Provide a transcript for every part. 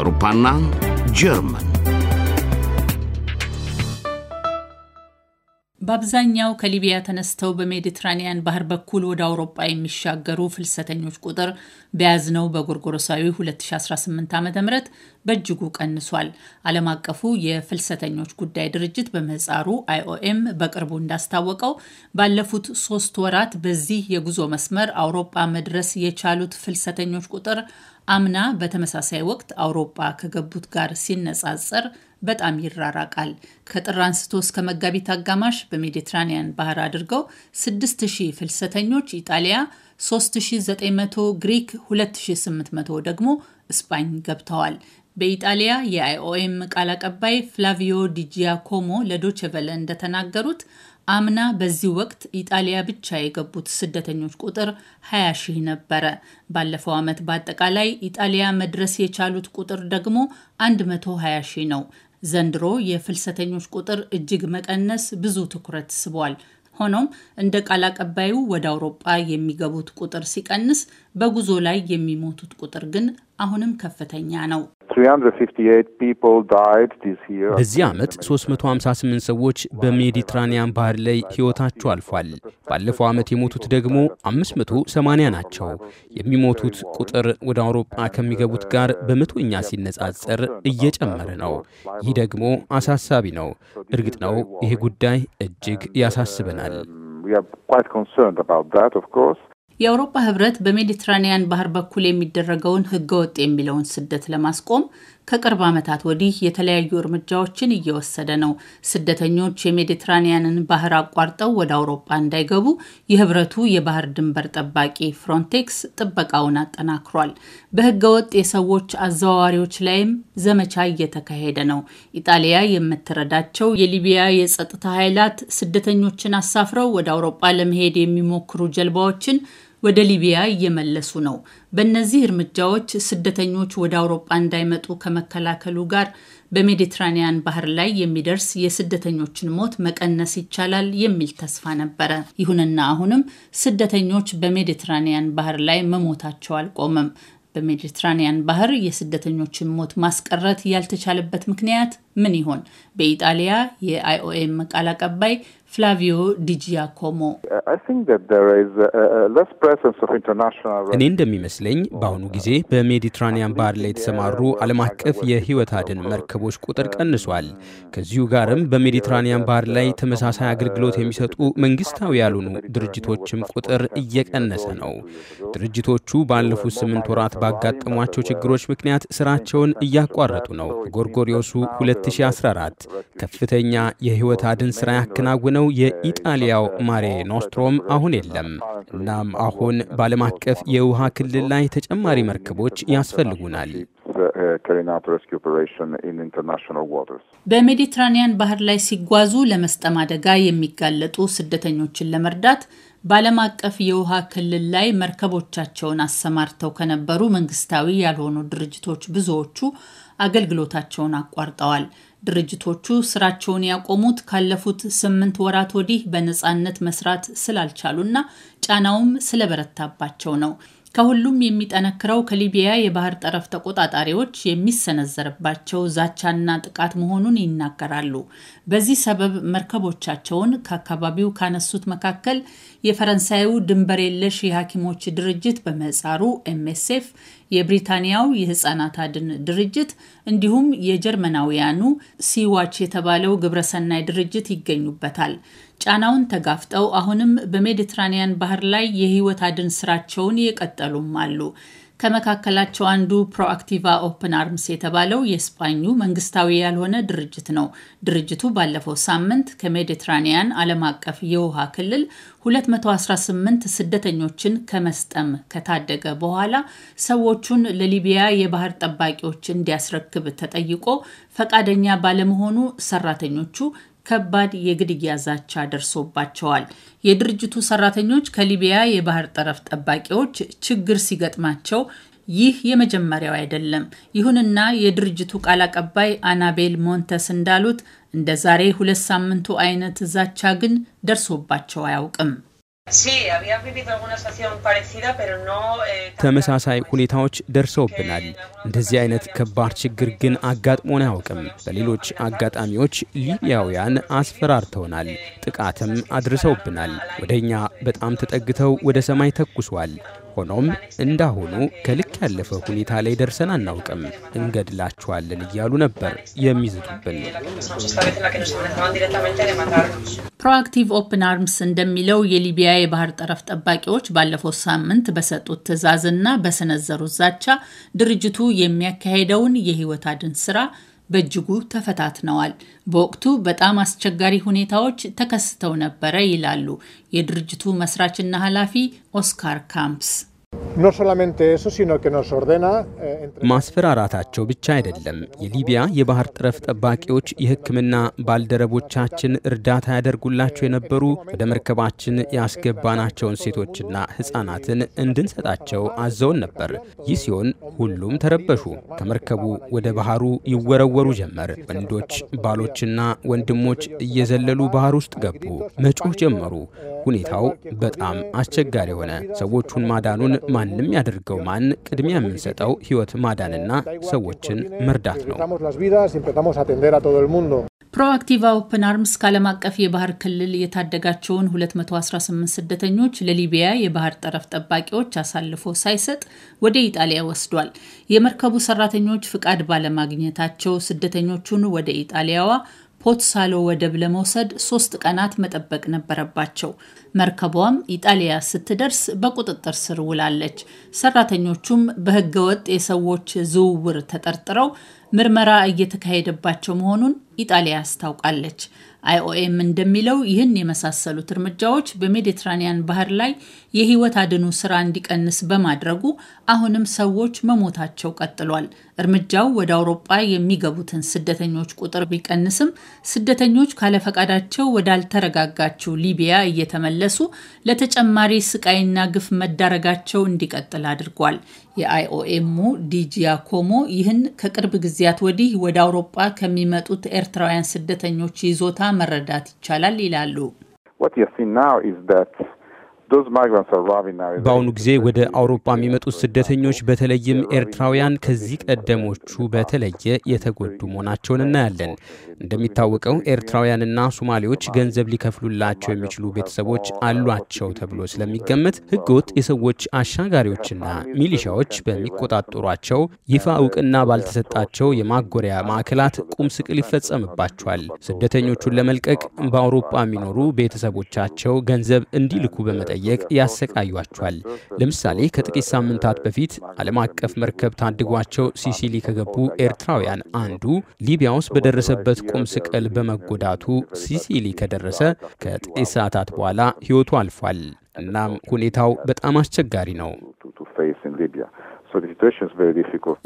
አውሮፓና ጀርመን በአብዛኛው ከሊቢያ ተነስተው በሜዲትራኒያን ባህር በኩል ወደ አውሮጳ የሚሻገሩ ፍልሰተኞች ቁጥር በያዝነው በጎርጎሮሳዊ 2018 ዓ ም በእጅጉ ቀንሷል። ዓለም አቀፉ የፍልሰተኞች ጉዳይ ድርጅት በመጻሩ አይኦኤም በቅርቡ እንዳስታወቀው ባለፉት ሶስት ወራት በዚህ የጉዞ መስመር አውሮጳ መድረስ የቻሉት ፍልሰተኞች ቁጥር አምና በተመሳሳይ ወቅት አውሮፓ ከገቡት ጋር ሲነጻጸር በጣም ይራራቃል። ከጥር አንስቶ እስከ መጋቢት አጋማሽ በሜዲትራኒያን ባህር አድርገው 6000 ፍልሰተኞች ኢጣሊያ፣ 3900 ግሪክ፣ 2800 ደግሞ እስፓኝ ገብተዋል። በኢጣሊያ የአይኦኤም ቃል አቀባይ ፍላቪዮ ዲጂያኮሞ ቨለ እንደተናገሩት አምና በዚህ ወቅት ኢጣሊያ ብቻ የገቡት ስደተኞች ቁጥር 20 ሺህ ነበረ። ባለፈው ዓመት በአጠቃላይ ኢጣሊያ መድረስ የቻሉት ቁጥር ደግሞ 120 ሺህ ነው። ዘንድሮ የፍልሰተኞች ቁጥር እጅግ መቀነስ ብዙ ትኩረት ስቧል። ሆኖም እንደ ቃል አቀባዩ ወደ አውሮጳ የሚገቡት ቁጥር ሲቀንስ፣ በጉዞ ላይ የሚሞቱት ቁጥር ግን አሁንም ከፍተኛ ነው። በዚህ ዓመት 358 ሰዎች በሜዲትራኒያን ባህር ላይ ሕይወታቸው አልፏል። ባለፈው ዓመት የሞቱት ደግሞ 580 ናቸው። የሚሞቱት ቁጥር ወደ አውሮጳ ከሚገቡት ጋር በመቶኛ ሲነጻጸር እየጨመረ ነው። ይህ ደግሞ አሳሳቢ ነው። እርግጥ ነው ይሄ ጉዳይ እጅግ ያሳስበናል። የአውሮፓ ህብረት በሜዲትራኒያን ባህር በኩል የሚደረገውን ህገወጥ የሚለውን ስደት ለማስቆም ከቅርብ ዓመታት ወዲህ የተለያዩ እርምጃዎችን እየወሰደ ነው። ስደተኞች የሜዲትራኒያንን ባህር አቋርጠው ወደ አውሮፓ እንዳይገቡ የህብረቱ የባህር ድንበር ጠባቂ ፍሮንቴክስ ጥበቃውን አጠናክሯል። በህገወጥ የሰዎች አዘዋዋሪዎች ላይም ዘመቻ እየተካሄደ ነው። ኢጣሊያ የምትረዳቸው የሊቢያ የጸጥታ ኃይላት ስደተኞችን አሳፍረው ወደ አውሮፓ ለመሄድ የሚሞክሩ ጀልባዎችን ወደ ሊቢያ እየመለሱ ነው። በእነዚህ እርምጃዎች ስደተኞች ወደ አውሮጳ እንዳይመጡ ከመከላከሉ ጋር በሜዲትራኒያን ባህር ላይ የሚደርስ የስደተኞችን ሞት መቀነስ ይቻላል የሚል ተስፋ ነበረ። ይሁንና አሁንም ስደተኞች በሜዲትራኒያን ባህር ላይ መሞታቸው አልቆመም። በሜዲትራኒያን ባህር የስደተኞችን ሞት ማስቀረት ያልተቻለበት ምክንያት ምን ይሆን? በኢጣሊያ የአይኦኤም ቃል አቀባይ ፍላቪዮ ዲጂያኮሞ እኔ እንደሚመስለኝ በአሁኑ ጊዜ በሜዲትራኒያን ባህር ላይ የተሰማሩ ዓለም አቀፍ የህይወት አድን መርከቦች ቁጥር ቀንሷል። ከዚሁ ጋርም በሜዲትራኒያን ባህር ላይ ተመሳሳይ አገልግሎት የሚሰጡ መንግስታዊ ያልሆኑ ድርጅቶችም ቁጥር እየቀነሰ ነው። ድርጅቶቹ ባለፉት ስምንት ወራት ባጋጠሟቸው ችግሮች ምክንያት ስራቸውን እያቋረጡ ነው። ጎርጎሪዮሱ 2014 ከፍተኛ የህይወት አድን ስራ ያከናውነ የሆነው የኢጣሊያው ማሬ ኖስትሮም አሁን የለም። እናም አሁን በዓለም አቀፍ የውሃ ክልል ላይ ተጨማሪ መርከቦች ያስፈልጉናል። በሜዲትራኒያን ባህር ላይ ሲጓዙ ለመስጠም አደጋ የሚጋለጡ ስደተኞችን ለመርዳት በዓለም አቀፍ የውሃ ክልል ላይ መርከቦቻቸውን አሰማርተው ከነበሩ መንግስታዊ ያልሆኑ ድርጅቶች ብዙዎቹ አገልግሎታቸውን አቋርጠዋል። ድርጅቶቹ ስራቸውን ያቆሙት ካለፉት ስምንት ወራት ወዲህ በነፃነት መስራት ስላልቻሉና ጫናውም ስለበረታባቸው ነው። ከሁሉም የሚጠነክረው ከሊቢያ የባህር ጠረፍ ተቆጣጣሪዎች የሚሰነዘርባቸው ዛቻና ጥቃት መሆኑን ይናገራሉ። በዚህ ሰበብ መርከቦቻቸውን ከአካባቢው ካነሱት መካከል የፈረንሳዩ ድንበር የለሽ የሐኪሞች ድርጅት በምህጻሩ ኤምኤስኤፍ የብሪታንያው የህፃናት አድን ድርጅት እንዲሁም የጀርመናውያኑ ሲዋች የተባለው ግብረሰናይ ድርጅት ይገኙበታል። ጫናውን ተጋፍጠው አሁንም በሜዲትራኒያን ባህር ላይ የህይወት አድን ስራቸውን የቀጠሉም አሉ። ከመካከላቸው አንዱ ፕሮአክቲቫ ኦፕን አርምስ የተባለው የስፓኙ መንግስታዊ ያልሆነ ድርጅት ነው። ድርጅቱ ባለፈው ሳምንት ከሜዲትራኒያን ዓለም አቀፍ የውሃ ክልል 218 ስደተኞችን ከመስጠም ከታደገ በኋላ ሰዎቹን ለሊቢያ የባህር ጠባቂዎች እንዲያስረክብ ተጠይቆ ፈቃደኛ ባለመሆኑ ሰራተኞቹ ከባድ የግድያ ዛቻ ደርሶባቸዋል። የድርጅቱ ሰራተኞች ከሊቢያ የባህር ጠረፍ ጠባቂዎች ችግር ሲገጥማቸው ይህ የመጀመሪያው አይደለም። ይሁንና የድርጅቱ ቃል አቀባይ አናቤል ሞንተስ እንዳሉት እንደ ዛሬ ሁለት ሳምንቱ አይነት ዛቻ ግን ደርሶባቸው አያውቅም። Sí, había vivido alguna situación parecida, pero no, eh, ተመሳሳይ ሁኔታዎች ደርሰውብናል። እንደዚህ አይነት ከባድ ችግር ግን አጋጥሞን አያውቅም። በሌሎች አጋጣሚዎች ሊቢያውያን አስፈራርተውናል፣ ጥቃትም አድርሰውብናል። ወደ እኛ በጣም ተጠግተው ወደ ሰማይ ተኩሷል። ሆኖም እንዳሁኑ ከልክ ያለፈ ሁኔታ ላይ ደርሰን አናውቅም፣ እንገድላችኋለን እያሉ ነበር የሚዝቱብን። ፕሮአክቲቭ ኦፕን አርምስ እንደሚለው የሊቢያ የባህር ጠረፍ ጠባቂዎች ባለፈው ሳምንት በሰጡት ትዕዛዝና በሰነዘሩት ዛቻ ድርጅቱ የሚያካሄደውን የህይወት አድን ስራ በእጅጉ ተፈታትነዋል። በወቅቱ በጣም አስቸጋሪ ሁኔታዎች ተከስተው ነበረ ይላሉ የድርጅቱ መስራችና ኃላፊ ኦስካር ካምፕስ። Eh, ማስፈራራታቸው ብቻ አይደለም። የሊቢያ የባህር ጠረፍ ጠባቂዎች የሕክምና ባልደረቦቻችን እርዳታ ያደርጉላቸው የነበሩ ወደ መርከባችን ያስገባናቸውን ሴቶችና ሕፃናትን እንድንሰጣቸው አዘውን ነበር። ይህ ሲሆን ሁሉም ተረበሹ። ከመርከቡ ወደ ባህሩ ይወረወሩ ጀመር። ወንዶች ባሎችና ወንድሞች እየዘለሉ ባህር ውስጥ ገቡ፣ መጮህ ጀመሩ። ሁኔታው በጣም አስቸጋሪ ሆነ። ሰዎቹን ማዳኑን ማንም ያደርገው ማን ቅድሚያ የምንሰጠው ህይወት ማዳንና ሰዎችን መርዳት ነው። ፕሮአክቲቭ ኦፕን አርምስ ከዓለም አቀፍ የባህር ክልል የታደጋቸውን 218 ስደተኞች ለሊቢያ የባህር ጠረፍ ጠባቂዎች አሳልፎ ሳይሰጥ ወደ ኢጣሊያ ወስዷል። የመርከቡ ሰራተኞች ፍቃድ ባለማግኘታቸው ስደተኞቹን ወደ ኢጣሊያዋ ፖትሳሎ ወደብ ለመውሰድ ሶስት ቀናት መጠበቅ ነበረባቸው። መርከቧም ኢጣሊያ ስትደርስ በቁጥጥር ስር ውላለች። ሰራተኞቹም በህገወጥ የሰዎች ዝውውር ተጠርጥረው ምርመራ እየተካሄደባቸው መሆኑን ኢጣሊያ አስታውቃለች። አይኦኤም እንደሚለው ይህን የመሳሰሉት እርምጃዎች በሜዲትራኒያን ባህር ላይ የህይወት አድኑ ስራ እንዲቀንስ በማድረጉ አሁንም ሰዎች መሞታቸው ቀጥሏል። እርምጃው ወደ አውሮጳ የሚገቡትን ስደተኞች ቁጥር ቢቀንስም ስደተኞች ካለፈቃዳቸው ወዳልተረጋጋችው ሊቢያ እየተመለሱ ለተጨማሪ ስቃይና ግፍ መዳረጋቸው እንዲቀጥል አድርጓል። የአይኦኤሙ ዲጂያኮሞ ይህን ከቅርብ ጊዜያት ወዲህ ወደ አውሮጳ ከሚመጡት ኤርትራውያን ስደተኞች ይዞታ መረዳት ይቻላል ይላሉ። በአሁኑ ጊዜ ወደ አውሮፓ የሚመጡት ስደተኞች በተለይም ኤርትራውያን ከዚህ ቀደሞቹ በተለየ የተጎዱ መሆናቸውን እናያለን። እንደሚታወቀው ኤርትራውያንና ሶማሌዎች ገንዘብ ሊከፍሉላቸው የሚችሉ ቤተሰቦች አሏቸው ተብሎ ስለሚገመት ሕገወጥ የሰዎች አሻጋሪዎችና ሚሊሻዎች በሚቆጣጠሯቸው ይፋ እውቅና ባልተሰጣቸው የማጎሪያ ማዕከላት ቁም ስቅል ይፈጸምባቸዋል። ስደተኞቹን ለመልቀቅ በአውሮፓ የሚኖሩ ቤተሰቦቻቸው ገንዘብ እንዲልኩ በመጠ በመጠየቅ ያሰቃዩቸዋል። ለምሳሌ ከጥቂት ሳምንታት በፊት ዓለም አቀፍ መርከብ ታድጓቸው ሲሲሊ ከገቡ ኤርትራውያን አንዱ ሊቢያ ውስጥ በደረሰበት ቁም ስቅል በመጎዳቱ ሲሲሊ ከደረሰ ከጥቂት ሰዓታት በኋላ ሕይወቱ አልፏል። እናም ሁኔታው በጣም አስቸጋሪ ነው።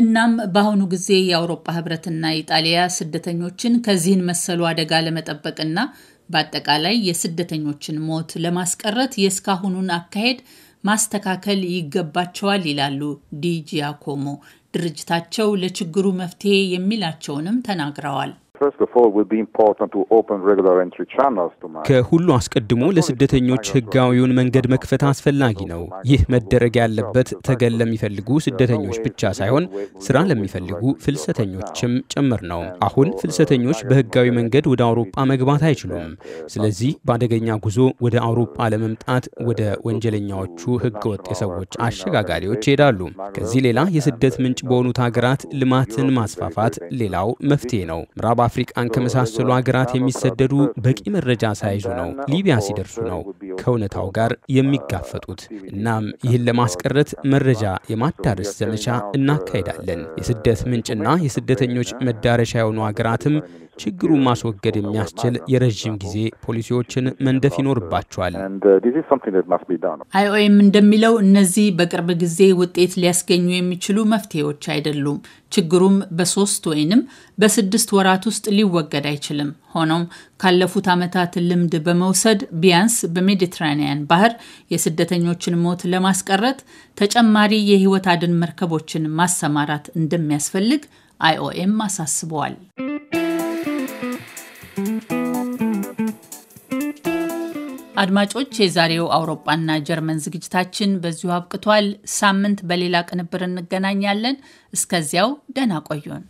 እናም በአሁኑ ጊዜ የአውሮፓ ህብረትና ኢጣሊያ ስደተኞችን ከዚህን መሰሉ አደጋ ለመጠበቅና በአጠቃላይ የስደተኞችን ሞት ለማስቀረት የእስካሁኑን አካሄድ ማስተካከል ይገባቸዋል ይላሉ ዲ ድርጅታቸው ለችግሩ መፍትሄ የሚላቸውንም ተናግረዋል። ከሁሉ አስቀድሞ ለስደተኞች ህጋዊውን መንገድ መክፈት አስፈላጊ ነው። ይህ መደረግ ያለበት ተገን ለሚፈልጉ ስደተኞች ብቻ ሳይሆን ስራ ለሚፈልጉ ፍልሰተኞችም ጭምር ነው። አሁን ፍልሰተኞች በህጋዊ መንገድ ወደ አውሮፓ መግባት አይችሉም። ስለዚህ በአደገኛ ጉዞ ወደ አውሮፓ ለመምጣት ወደ ወንጀለኛዎቹ ህገወጥ የሰዎች አሸጋጋሪዎች ይሄዳሉ። ከዚህ ሌላ የስደት ምንጭ በሆኑት ሀገራት ልማትን ማስፋፋት ሌላው መፍትሄ ነው። ምዕራብ አፍሪቃን ከመሳሰሉ ሀገራት የሚሰደዱ በቂ መረጃ ሳይዙ ነው ሊቢያ ሲደርሱ ነው ከእውነታው ጋር የሚጋፈጡት። እናም ይህን ለማስቀረት መረጃ የማዳረስ ዘመቻ እናካሄዳለን። የስደት ምንጭና የስደተኞች መዳረሻ የሆኑ ሀገራትም ችግሩን ማስወገድ የሚያስችል የረዥም ጊዜ ፖሊሲዎችን መንደፍ ይኖርባቸዋል። uh, አይኦኤም እንደሚለው እነዚህ በቅርብ ጊዜ ውጤት ሊያስገኙ የሚችሉ መፍትሄዎች አይደሉም። ችግሩም በሶስት ወይንም በስድስት ወራት ውስጥ ሊወገድ አይችልም። ሆኖም ካለፉት ዓመታት ልምድ በመውሰድ ቢያንስ በሜዲትራኒያን ባህር የስደተኞችን ሞት ለማስቀረት ተጨማሪ የህይወት አድን መርከቦችን ማሰማራት እንደሚያስፈልግ አይኦኤም አሳስበዋል። አድማጮች፣ የዛሬው አውሮፓና ጀርመን ዝግጅታችን በዚሁ አብቅቷል። ሳምንት በሌላ ቅንብር እንገናኛለን። እስከዚያው ደህና ቆዩን።